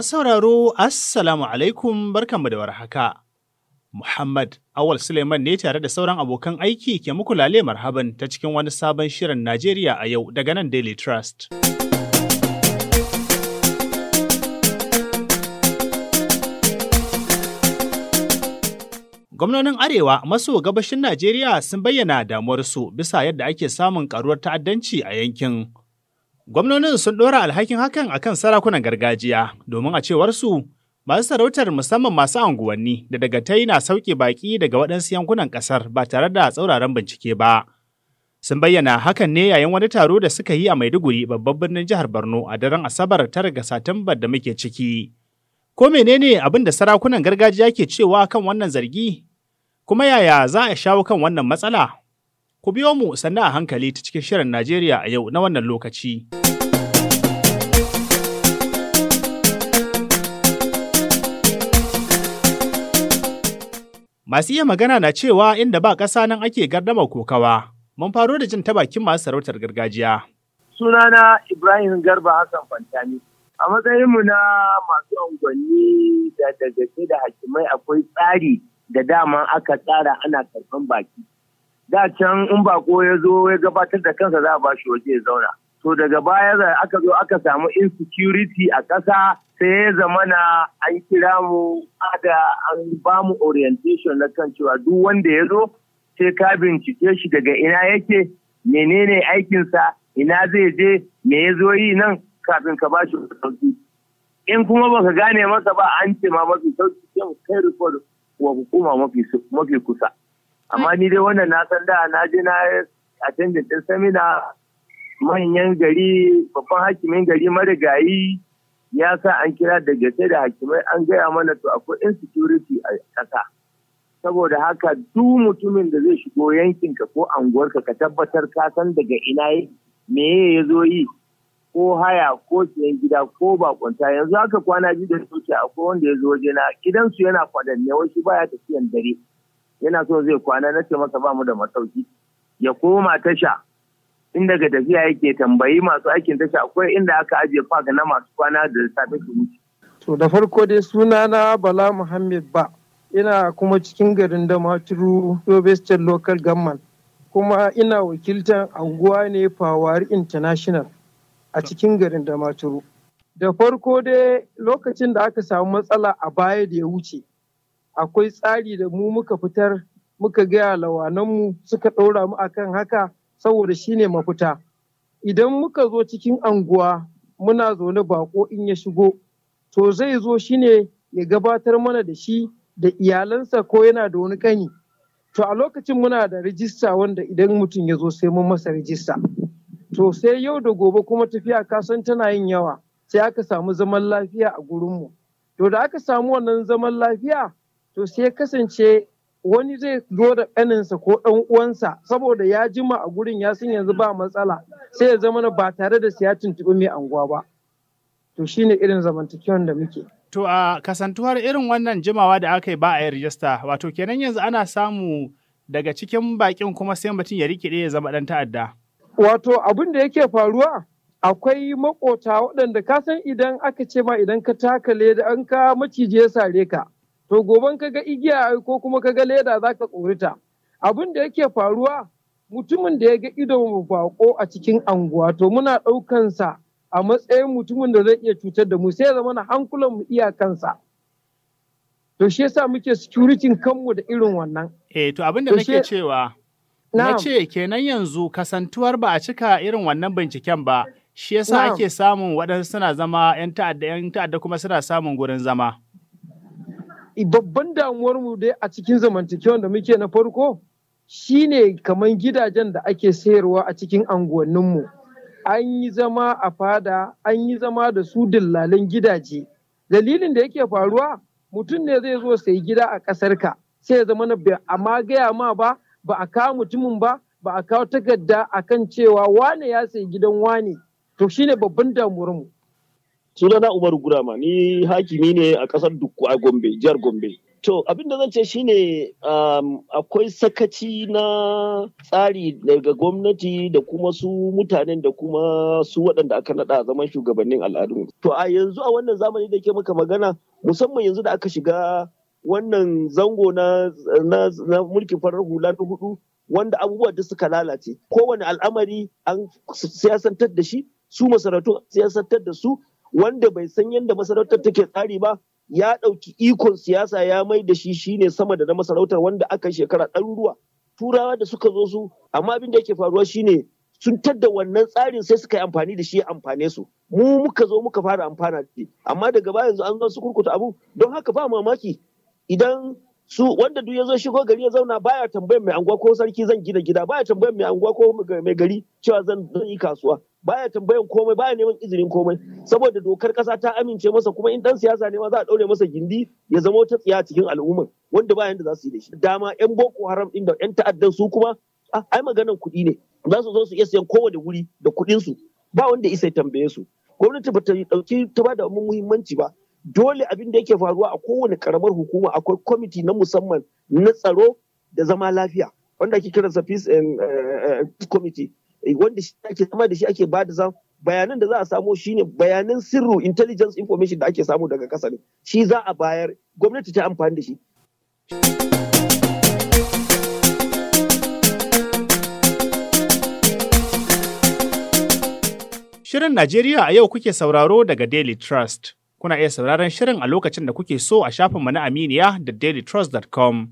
Masu sauraro, Assalamu alaikum barkanmu da warhaka. Muhammad Awal Suleiman ne tare da sauran abokan aiki ke muku lale marhaban ta cikin wani sabon shirin Najeriya a yau daga nan Daily Trust. Gwamnonin Arewa maso gabashin Najeriya sun bayyana damuwarsu bisa yadda ake samun karuwar ta'addanci a yankin. Gwamnonin sun ɗora alhakin hakan akan sarakunan gargajiya domin a cewarsu masu sarautar musamman masu anguwanni da dagatai na sauke baƙi daga waɗansu yankunan ƙasar ba tare da tsauraran bincike ba. Sun bayyana hakan ne yayin wani taro da suka yi a Maiduguri babban birnin jihar Borno a daren Asabar tara ga Satumba da muke ciki. Ko menene abin da sarakunan gargajiya ke cewa kan wannan zargi? Kuma yaya za a shawo kan wannan matsala? Ku biyo mu sannan a hankali ta cikin shirin Najeriya a yau na wannan lokaci. Masu iya magana na cewa inda ba ƙasa nan ake gardama kokawa. Mun faro da jin ta bakin masu sarautar gargajiya. Sunana Ibrahim Garba Hassan Fantani. A matsayinmu na masu unguwanni da dagace da hakimai akwai tsari da dama aka tsara ana karɓan baki. Da can in bako ya zo ya gabatar da kansa za a ba shi waje ya zauna. to daga baya da aka zo aka samu insecurity a ƙasa sai ya zamana an kira mu ada an ba mu orientation na kan cewa duk wanda ya zo sai ka bincike shi daga ina yake menene aikinsa ina zai je me ya zo yi nan kafin ka ba shi sauki in kuma ba ka gane masa ba an ce ma mafi sauki kyan kai report wa hukuma mafi kusa amma ni dai wannan na san da na je na attendant din seminar manyan gari babban hakimin gari marigayi ya sa an kira da gasa da hakimai an gaya mana to akwai insecurity a ƙasa saboda haka duk mutumin da zai shigo yankin ka ko anguwarka ka tabbatar ka san daga ina me ya zo yi ko haya ko siyan gida ko bakunta yanzu haka kwana biyu da suke akwai wanda ya zo wajena gidansu yana kwadanne shi baya tafiyan dare yana so zai kwana na ce masa ba mu da masauki ya koma tasha in daga tafiya yake tambayi masu aikin tashi akwai inda aka ajiye park na masu kwana da safe su wuce. To da farko dai suna na Bala Muhammad ba ina kuma cikin garin Damaturu maturu State Local Government kuma ina wakiltar anguwa ne Fawari International a cikin garin Damaturu. Da farko dai lokacin da aka samu matsala a baya da ya wuce akwai tsari da mu muka fitar muka gaya lawananmu suka ɗaura mu akan haka saboda shi ne mafita idan muka zo cikin anguwa muna zaune bako in ya shigo to zai zo shi ne ya gabatar mana da shi da iyalansa ko yana da wani kani to a lokacin muna da rijista wanda idan mutum ya zo sai mun masa rijista to sai yau da gobe kuma tafiya kasan tana yin yawa sai aka samu zaman lafiya a gurinmu to da aka samu wannan zaman lafiya to sai kasance wani zai zo da ƙaninsa ko ɗan uwansa saboda ya jima a gurin ya san yanzu ba matsala sai ya zama ba tare da siya tuntuɓi mai anguwa ba to shine irin zamantakewan da muke to a kasantuwar irin wannan jimawa da aka yi ba a yi rijista wato kenan yanzu ana samu daga cikin baƙin kuma sai mutum ya rikide ya zama ɗan ta'adda wato abin da yake faruwa akwai makota waɗanda ka san idan aka ce ma idan ka taka leda an ka ya sare ka to goban ka ga igiya ko kuma ka ga leda za ka tsorita abin da yake faruwa mutumin da ya ga idon bako a cikin anguwa to muna ɗaukansa a matsayin mutumin da zai iya cutar da mu sai ya zama na hankulan mu iyakansa to shi yasa muke security kanmu da irin wannan eh to abin da nake cewa na ce kenan yanzu kasantuwar ba a cika irin wannan binciken ba shi yasa ake samun waɗansu suna zama 'yan ta'adda 'yan ta'adda kuma suna samun gurin zama babban damuwar mu dai a cikin zamantakewan da muke na farko shine kamar gidajen da ake sayarwa a cikin anguwanninmu an yi zama a fada an yi zama da su dillalan gidaje dalilin da yake faruwa mutum ne zai zo sai gida a ƙasarka ka sai ya zama na amma gaya ma ba ba a kawo mutumin ba ba a kawo takarda akan cewa wane ya sayi gidan wane to shine babban damuwar mu. sunana Umaru Gurama ni hakimi ne a kasar Dukku a Gombe jihar Gombe To abin da zan ce shine um, akwai sakaci na tsari daga gwamnati da kuma su mutanen da kuma su waɗanda aka naɗa a zaman shugabannin al'adu. To a yanzu a wannan zamani da ke maka magana musamman yanzu da aka shiga wannan zango na, na, mulkin farar hula na hudu wanda abubuwa da suka lalace. Kowane al'amari an siyasantar da shi su masarautun siyasantar da su wanda bai san yadda masarautar take tsari ba ya ɗauki ikon siyasa ya mai da shi ne sama da na masarautar wanda aka shekara ɗaruruwa turawa da suka zo su amma abin da yake faruwa shine sun tadda wannan tsarin sai suka yi amfani da shi ya amfane su mu muka zo muka fara amfana da shi amma daga baya yanzu an zo su kurkuta abu don haka ba mamaki idan su wanda duk ya zo shigo gari ya zauna baya tambayar mai anguwa ko sarki zan gina gida baya tambayar mai anguwa ko mai gari cewa zan yi kasuwa baya tambayan komai baya neman izinin komai saboda dokar kasa ta amince masa kuma in dan siyasa ne ma za a daure masa gindi ya zama wata tsiya cikin al'umma wanda ba yanda za su yi da shi dama yan boko haram din da yan ta'addan su kuma ai maganar kuɗi ne za su zo su iya siyan kowane wuri da kuɗin su ba wanda isa ya tambaye su gwamnati ba ta dauki ta ba da muhimmanci ba dole abin da yake faruwa a kowane karamar hukuma akwai kwamiti na musamman na tsaro da zama lafiya wanda ake kiransa peace and eh, eh, eh, committee Eh, wanda shi ake zama da shi ake ba da bayanan da za a samo shine bayanan sirru intelligence information da ake samu daga kasa ne shi za a bayar gwamnati ta amfani da shi Shirin Najeriya a yau kuke sauraro daga Daily Trust. Kuna iya sauraron shirin a lokacin da kuke so a shafinmu na Aminiya da dailytrust.com.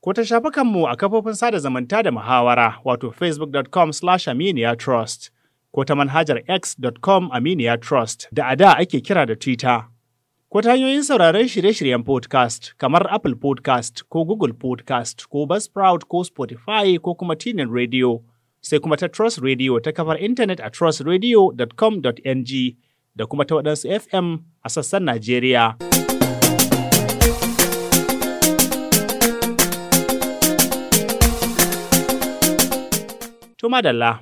ko ta shafukanmu a kafofin sada zamanta da muhawara wato facebook.com slash aminiyatrust ko ta manhajar x.com aminiyatrust da a da ake kira da twitter. Ko ta hanyoyin sauraron shirye-shiryen podcast kamar Apple podcast ko Google podcast ko Buzzsprout ko Spotify ko kuma Tinin Radio sai kuma ta Trust Radio ta kafar intanet a trustradio.com.ng da kuma ta waɗansu FM a sassan Najeriya. To madalla,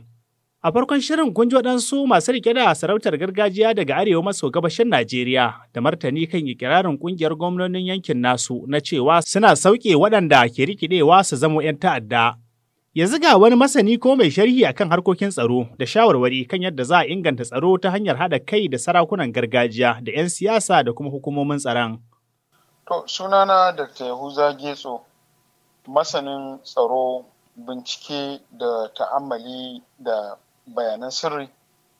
a farkon shirin kun ji waɗansu masu rike da sarautar gargajiya daga arewa maso gabashin Najeriya da martani kan ikirarin ƙungiyar gwamnonin yankin nasu na cewa suna sauke waɗanda ke rikidewa su zama 'yan ta'adda. Yanzu ga wani masani ko mai sharhi akan harkokin tsaro da shawarwari kan yadda za a inganta tsaro ta hanyar haɗa kai da sarakunan gargajiya da 'yan siyasa da kuma hukumomin tsaron. To sunana Dr. Yahuza Getso masanin tsaro bincike da ta'amali da bayanan sirri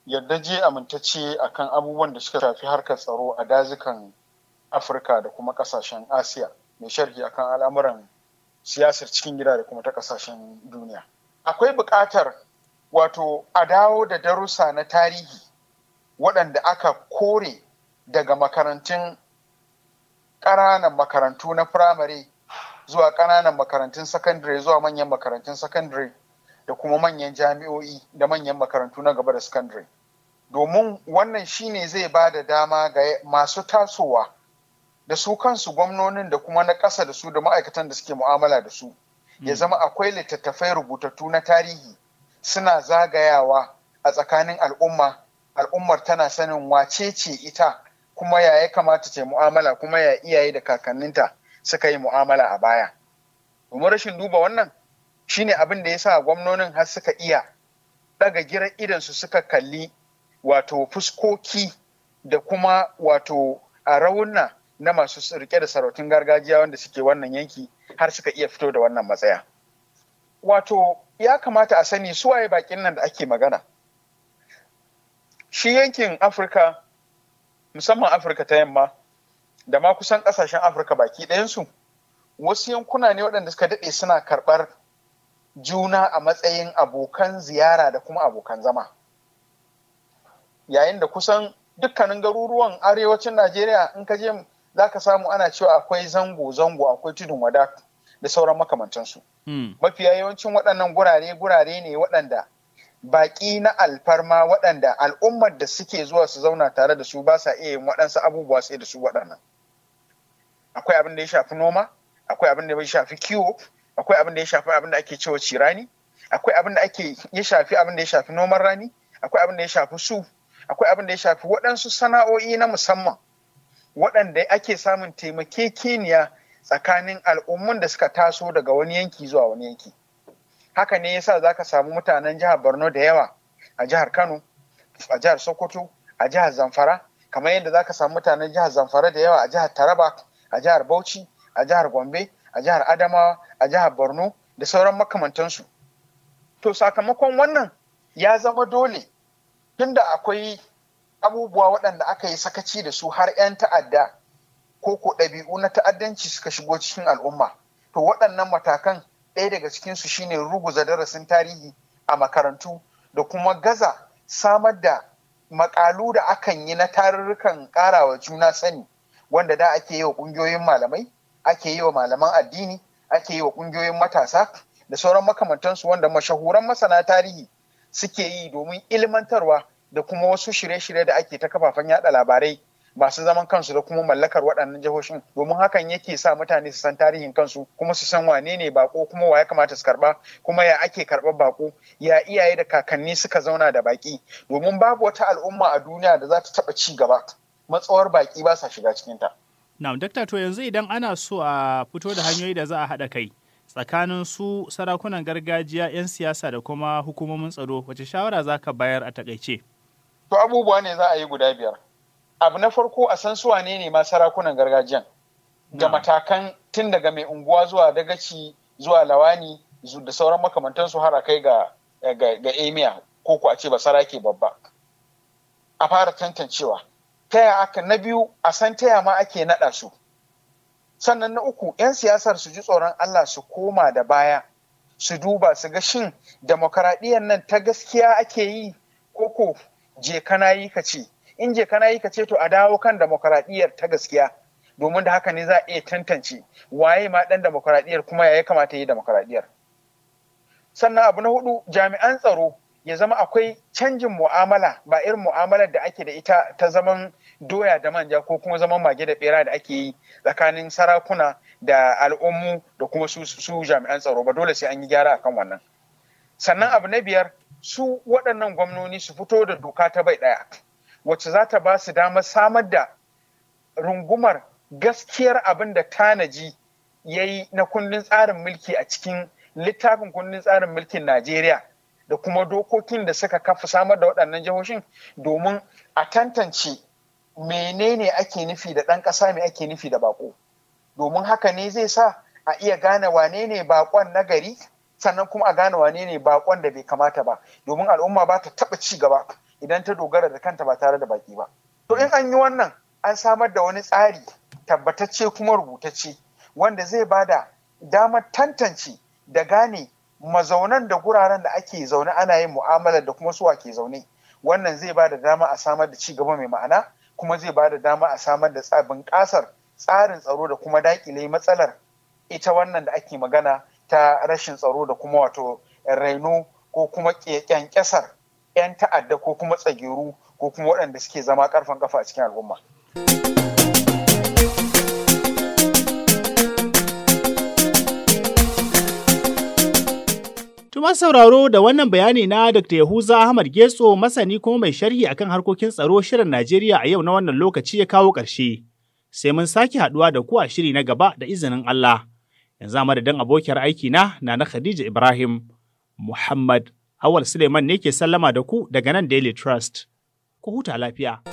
yadda je amintacce akan abubuwan da suka shafi harkar tsaro a dazukan afirka da kuma kasashen asiya mai sharhi akan al'amuran siyasar cikin gida da kuma ta kasashen duniya akwai buƙatar wato a dawo da darussa na tarihi waɗanda aka kore daga makarantun ƙananan makarantu na firamare zuwa ƙananan makarantun sakandare zuwa manyan makarantun sakandare da kuma manyan jami'o'i da manyan makarantu na gaba da sakandare domin wannan shine zai ba da dama ga masu tasowa da su kansu gwamnonin da kuma na ƙasa da su da ma'aikatan da suke mu'amala da su ya hmm. zama akwai littattafai rubutattu na tarihi suna zagayawa a tsakanin al'umma al'ummar tana sanin wacece ita kuma ya ya kamata ce mu'amala kuma ya iyaye da kakanninta suka yi mu'amala a baya domin rashin duba wannan shine abin da ya sa gwamnonin har suka iya daga giran idansu suka kalli wato fuskoki da kuma wato a rauna na masu rike da sarautun gargajiya wanda suke wannan yanki har suka iya fito da wannan matsaya. Wato ya kamata a sani suwaye bakin nan da ake magana. Shi yankin Afirka, musamman Afirka ta yamma, da ma kusan kasashen afirka baki ɗayansu wasu yankuna ne waɗanda suka daɗe suna karɓar juna a matsayin abokan ziyara da kuma abokan zama yayin da kusan dukkanin garuruwan arewacin najeriya in ka je za ka samu ana cewa akwai zango-zango akwai tudun wada da sauran makamantansu hmm. mafiya yawancin waɗannan gurare gurare ne waɗanda baƙi na alfarma waɗanda al'ummar da suke zuwa su zauna tare da su ba sa iya yin waɗansu abubuwa sai da su waɗannan akwai abin da ya shafi noma akwai abin da ya shafi kiwo akwai abin da ya shafi abin da ake cewa cirani akwai abin da ake ya shafi abin da ya shafi noman rani akwai abin da ya shafi su akwai abin da ya shafi waɗansu sana'o'i na musamman waɗanda ake samun taimakekeniya tsakanin al'ummun da suka taso daga wani yanki zuwa wani yanki haka ne yasa zaka samu mutanen jihar borno da yawa a jihar kano a jihar sokoto a jihar zamfara kamar yadda zaka samu mutanen jihar zamfara da yawa a jihar taraba a jihar Bauchi, a jihar Gombe, a jihar Adamawa, a jihar Borno da sauran makamantansu. To sakamakon wannan ya zama dole tunda akwai abubuwa waɗanda aka yi sakaci da su har 'yan ta'adda ko ko ɗabi'u na ta'addanci suka shigo cikin al'umma. To waɗannan matakan ɗaya daga cikinsu shine ruguza darasin tarihi a makarantu da kuma gaza samar da makalu da akan yi na tarurrukan ƙarawa juna sani wanda da ake yi wa ƙungiyoyin malamai ake yi wa malaman addini ake yi wa ƙungiyoyin matasa da sauran makamantansu wanda mashahuran masana tarihi suke yi domin ilmantarwa da kuma wasu shirye-shirye da ake ta kafafen yaɗa labarai masu zaman kansu da kuma mallakar waɗannan jihohin domin hakan yake sa mutane su san tarihin kansu kuma su san wane ne bako kuma wa ya kamata su karɓa kuma ya ake karɓar bako ya iyaye da kakanni suka zauna da baƙi. domin babu wata al'umma a duniya da za ta taɓa ci gaba matsawar baki ba sa shiga cikin ta na dakta to yanzu idan ana so a fito da hanyoyi da za a haɗa kai tsakanin su sarakunan gargajiya 'yan siyasa da kuma hukumomin tsaro wace shawara za ka bayar a takaice to abubuwa ne za a yi guda biyar abu na farko a san su wane ne ma sarakunan gargajiyan ga matakan tun daga mai unguwa zuwa dagaci zuwa lawani da sauran makamantan su hara kai ga ga, ga emia ko ku a ce ba sarake babba a fara tantancewa Ta taya aka na biyu a san ta taya ma ake naɗa su sannan na uku 'yan siyasar su ji tsoron Allah su koma da baya su duba su ga shin demokaradiyyar nan ta gaskiya ake yi koko je kana yi ka ce in je kana yi ka ce to a dawo kan demokaradiyyar ta gaskiya domin da haka ne za a iya tantance waye ma dan demokaradiyyar kuma ya kamata yi demokaradiyyar sannan abu na hudu jami'an tsaro ya zama akwai canjin mu'amala ba irin mu'amalar da ake da ita ta zaman doya da manja ko kuma zaman mage da bera da ake yi tsakanin sarakuna da al'ummu da kuma su, su jami'an tsaro ba dole sai an yi gyara akan wannan sannan abu na biyar su waɗannan gwamnoni su fito da doka ta bai ɗaya wacce za ta ba su damar samar da rungumar gaskiyar abin da tanaji ya yi na kundin tsarin mulki a cikin littafin kundin tsarin mulkin najeriya da kuma dokokin da suka kafa samar da waɗannan jihohin domin a tantance menene ake nufi da ɗan ƙasa mai ake nufi da baƙo domin haka ne zai sa a iya gane wane ne baƙon na gari sannan kuma a gane wane ne baƙon da bai kamata ba domin al'umma ba ta taɓa ci gaba idan ta dogara da kanta ba tare da baƙi ba to in an yi wannan an samar da wani tsari tabbatacce kuma rubutacce wanda zai bada damar tantance da gane mazaunan da guraren da ake zaune ana yin mu'amalar da kuma suwa ke zaune wannan zai ba da dama a samar da cigaba mai ma'ana kuma zai ba da dama a samar da tsabin kasar tsarin tsaro da kuma dakile matsalar ita wannan da ake magana ta rashin tsaro da kuma wato raino ko kuma kyankyasar 'yan ta'adda ko kuma tsagiru ko kuma waɗanda suke zama karfan kafa a cikin al'umma. Tuma sauraro da wannan bayani na Dr. Yahuza Ahmad Getso masani kuma mai sharhi akan harkokin tsaro shirin Najeriya a yau na wannan lokaci ya kawo ƙarshe. Sai mun sake haɗuwa da ku a shiri na gaba da izinin Allah. Yanzu a madadin abokiyar aiki na na Khadija Ibrahim Muhammad Awal Suleiman ne ke sallama da ku daga nan Daily Trust. Ku huta lafiya.